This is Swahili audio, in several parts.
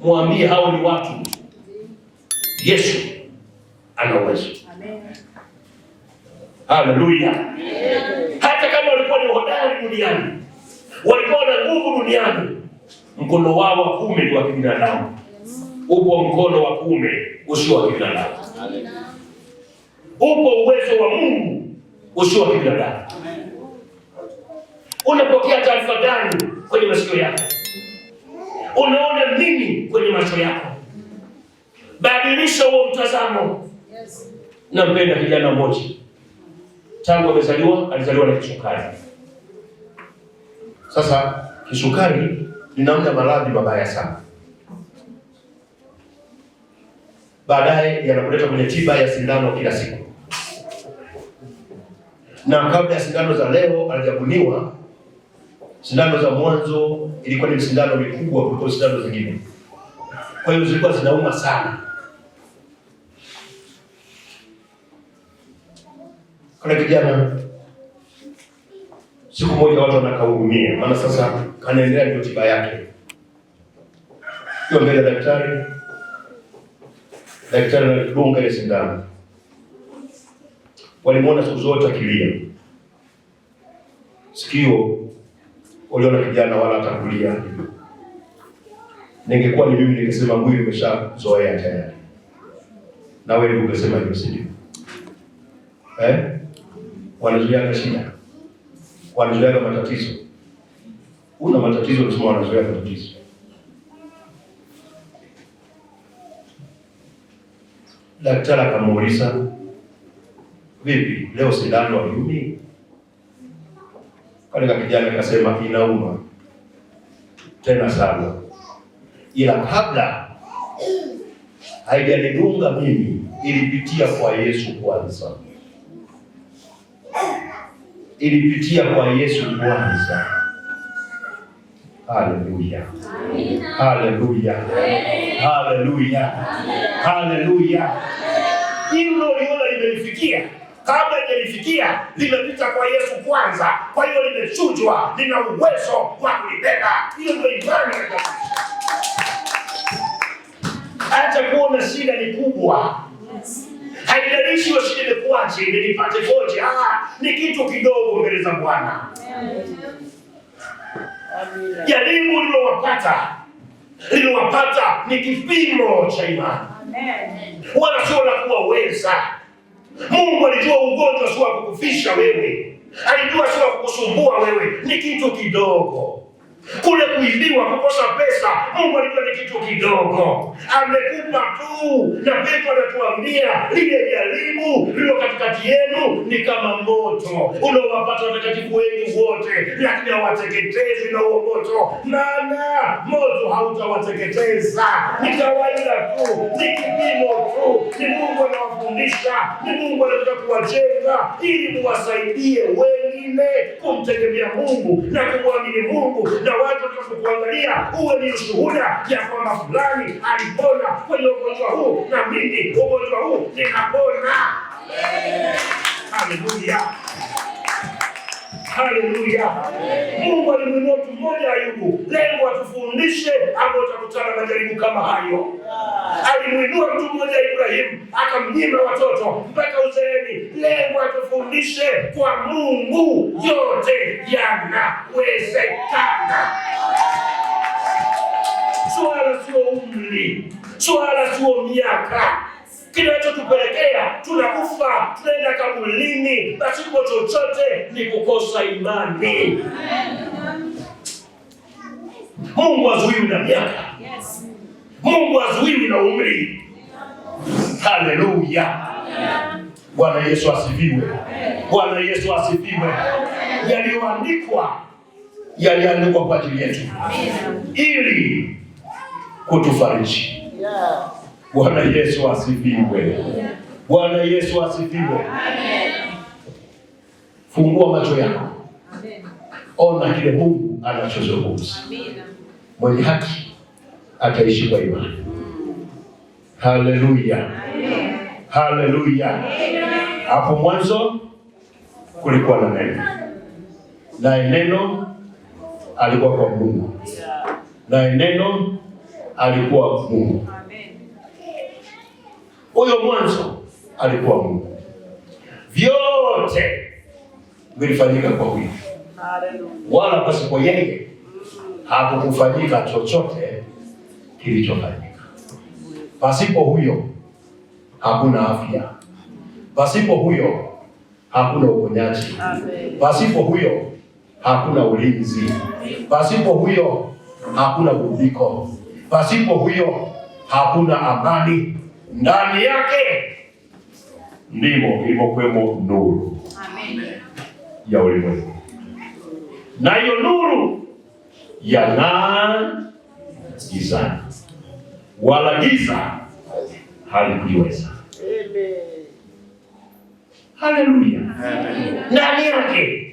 Mwambie hao ni watu, Yesu ana uwezo. Haleluya! Hata kama walikuwa ni hodari duniani, walikuwa na nguvu duniani, mkono wao wa kume ni wa kibinadamu. Upo mkono wa kume usio wa kibinadamu, upo uwezo wa Mungu usio wa kibinadamu. Unapokea taarifa gani kwenye masikio yako? Unaona nini kwenye macho yako? Badilisha huo mtazamo. Nampenda kijana mmoja, tangu amezaliwa alizaliwa na kisukari. Sasa kisukari ni namna maradhi mabaya sana, baadaye yanakuleta kwenye tiba ya sindano kila siku, na kabla ya sindano za leo alijabuniwa Sindano za mwanzo ilikuwa ni sindano mikubwa kuliko sindano zingine, kwa hiyo zilikuwa zinauma sana. Kuna kijana siku moja watu wanakaumia, maana sasa kanaendelea ndio tiba yake, hiyo mbele ya daktari. Daktari anadunga ile sindano, walimuona siku zote akilia sikio uliona kijana wala atakulia. Ningekuwa ni mimi ningesema huyu nimeshazoea tayari, na wewe ungesema hivyo, si ndio? Eh, wanazoeana shida, wanazoeana matatizo. Una matatizo, unasema wanazoea matatizo. Daktari akamuuliza, vipi leo sindano haziumi? Kale kijana kasema inauma tena sana, ila kabla haijanidunga mimi, ilipitia kwa Yesu kwanza, ilipitia kwa Yesu kwanza. Haleluya, haleluya, haleluya, haleluya! Hilo liona limenifikia kabla hijalifikia limepita kwa Yesu kwanza, kwa hiyo limechujwa, lina uwezo wa kulibeba. Hiyo ndio imani. Hata kuona shida ni kubwa, haijalishi hiyo shida imekuwaje, imenipate koje, ah, ni kitu kidogo mbele za Bwana. Jaribu lilowapata lilowapata ni kipimo cha imani, wala sio la kuwaweza Mungu alijua ugonjwa si wa kukufisha wewe, alijua si wa kukusumbua wewe, ni kitu kidogo kule kuibiwa, kukosa pesa. Mungu alikuwa ni kitu kidogo, amekupa tu. Na Petro anatuambia lile jaribu lilo katikati yenu ni kama moto unaowapata watakatifu wenu wote, lakini awateketezi na huo moto, maana moto hautawateketeza. Ni kawaida tu, ni kipimo tu, ni Mungu anawafundisha, ni Mungu anataka kuwajenga ili muwasaidie wewe wengine kumtegemea Mungu na kumwamini Mungu, na watu watakapokuangalia uwe ni ushuhuda ya kwamba fulani alipona kwenye ugonjwa huu, na mimi ugonjwa huu ninapona. Haleluya, haleluya! Mungu alimwinua mtu mmoja Ayubu. Lengo atufundishe ambao utakutana majaribu kama hayo alimwinua mtu mmoja Ibrahimu akamnyima watoto mpaka uzeeni. Lengo atufundishe kwa Mungu yote yanawezekana. Swala sio umri, swala sio miaka kinachotupelekea tunakufa tunaenda kabulini pasipo chochote ni kukosa imani. Mungu azuiwi na miaka Mungu azuiwi na umri. Haleluya! Bwana Yesu asifiwe! Bwana Yesu asifiwe! Yaliyoandikwa yaliandikwa kwa ajili yetu ili kutufariji. Bwana Yesu asifiwe! Bwana Yesu asifiwe! Fungua macho yako, ona kile Mungu anachozungumza. Mwenye haki ataishi kwa imani. Haleluya, haleluya. Hapo mwanzo kulikuwa na neno, naye neno alikuwa kwa Mungu, naye neno alikuwa Mungu. Huyo mwanzo alikuwa Mungu, vyote vilifanyika kwa huyu, wala pasipo yeye hakukufanyika chochote kilichofanyika. Pasipo huyo hakuna afya, pasipo huyo hakuna uponyaji, pasipo huyo hakuna ulinzi, pasipo huyo hakuna burudiko, pasipo huyo hakuna amani. Ndani yake ndimo ilivyokwemo nuru Amen. ya ulimwengu, na hiyo nuru yang'aa gizani wala giza halikuiweza. Haleluya! ndani yake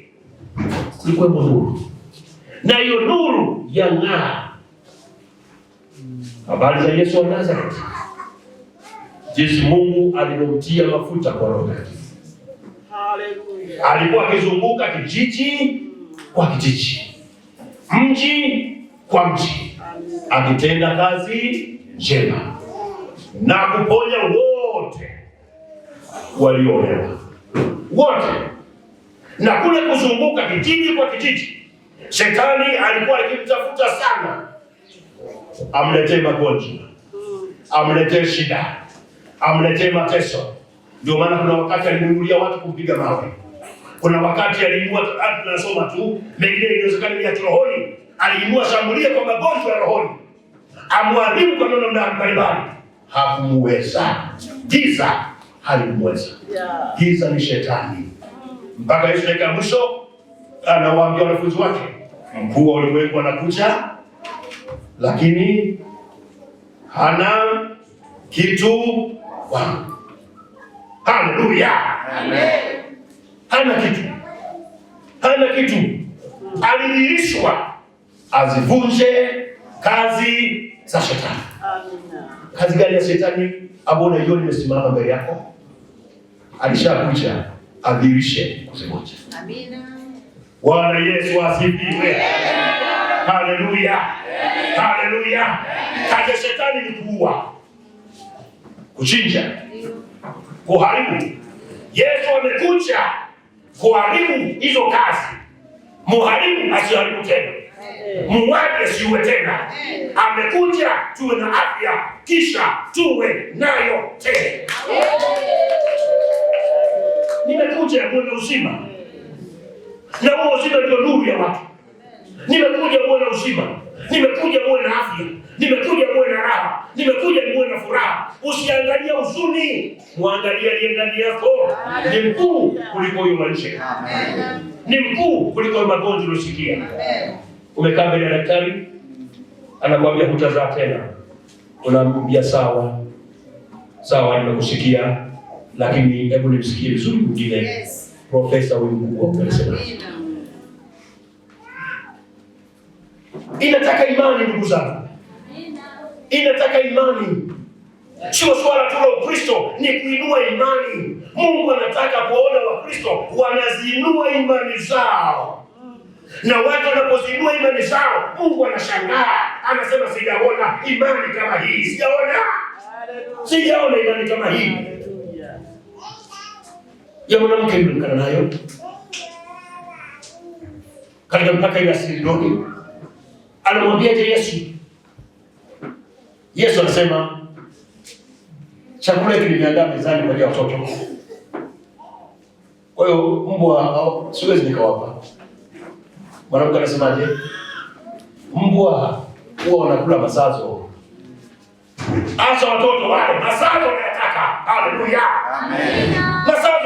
ilikuwemo nuru, na hiyo nuru ya ng'aa. Habari za Yesu wa Nazareti, jinsi Mungu alivyomtia mafuta kwa Roho Haleluya. Alikuwa akizunguka kijiji kwa kijiji, mji kwa mji, akitenda kazi njema na kuponya wote waliolewa, wote. Na kule kuzunguka kijiji kwa kijiji, shetani alikuwa akimtafuta sana, amletee magonjwa, amletee shida, amletee mateso. Ndio maana kuna wakati alinunulia watu kumpiga mawe, kuna wakati aliinua, tunasoma tu mengine, inawezekana ni ya kirohoni, aliinua shambulia kwa magonjwa ya rohoni amwadhibu kwa neno mbalimbali, hakumuweza. Giza halikumweza, giza ni shetani. Mpaka Yesu dakika ya mwisho anawaambia wanafunzi wake, mkuu wa ulimwengu anakuja, lakini hana kitu kwangu. Haleluya, hana kitu, hana kitu. Alidhihirishwa azivunje kazi za shetani. Amina. Kazi gani ya shetani ambao unaiona imesimama mbele yako? Alishakuja, adhirishe kuzimoja. Amina. Bwana Yesu asifiwe. Haleluya. Haleluya. Kazi ya shetani ni kuua, kuchinja, kuharibu. Yesu amekuja kuharibu hizo kazi. Muharibu asiharibu tena muwaje siwe tena. Amekuja tuwe na afya, kisha tuwe nayo tena. Nimekuja kuona uzima, na huo uzima ndio nuru ya watu. Nimekuja kuona uzima, nimekuja kuona afya, nimekuja kuona raha, nimekuja kuona furaha. Usiangalia uzuni, mwangalia aliye ndani yako, ni mkuu kuliko huyo nje, ni mkuu kuliko magonjwa uliosikia. Umekaa mbele ya daktari anakuambia hutazaa tena, unamwambia sawa sawa, nimekusikia, lakini hebu nimsikie vizuri mwingine. Yes. Profesa huyu mkubwa anasema inataka imani, ndugu zangu, inataka imani. Sio swala tu la Ukristo, ni kuinua imani. Mungu anataka kuona Wakristo wanaziinua imani zao na watu wanapozidua imani zao, Mungu anashangaa, anasema sijaona imani kama hii, sijaona sijaona imani kama hii ya mwanamke mlikana nayo katika mpaka ile Asidoni. Anamwambia je Yesu, Yesu anasema chakula hiki nimeandaa mezani kwa ajili ya watoto. Kwa hiyo mbwa siwezi nikawapa Mwanamke anasemaje? Mbwa huwa wanakula masazo. Acha watoto wale masazo wanayataka. Haleluya, amen.